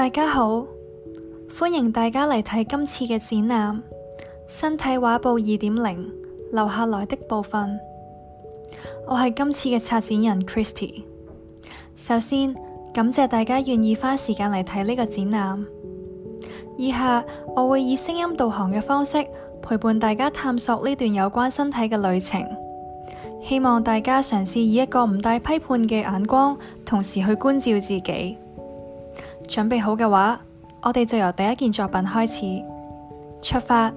大家好，歡迎大家嚟睇今次嘅展覽《身體畫報二點零》留下來的部分。我係今次嘅策展人 Christy。首先，感謝大家願意花時間嚟睇呢個展覽。以下我會以聲音導航嘅方式陪伴大家探索呢段有關身體嘅旅程。希望大家嘗試以一個唔帶批判嘅眼光，同時去關照自己。準備好嘅話，我哋就由第一件作品開始，出發。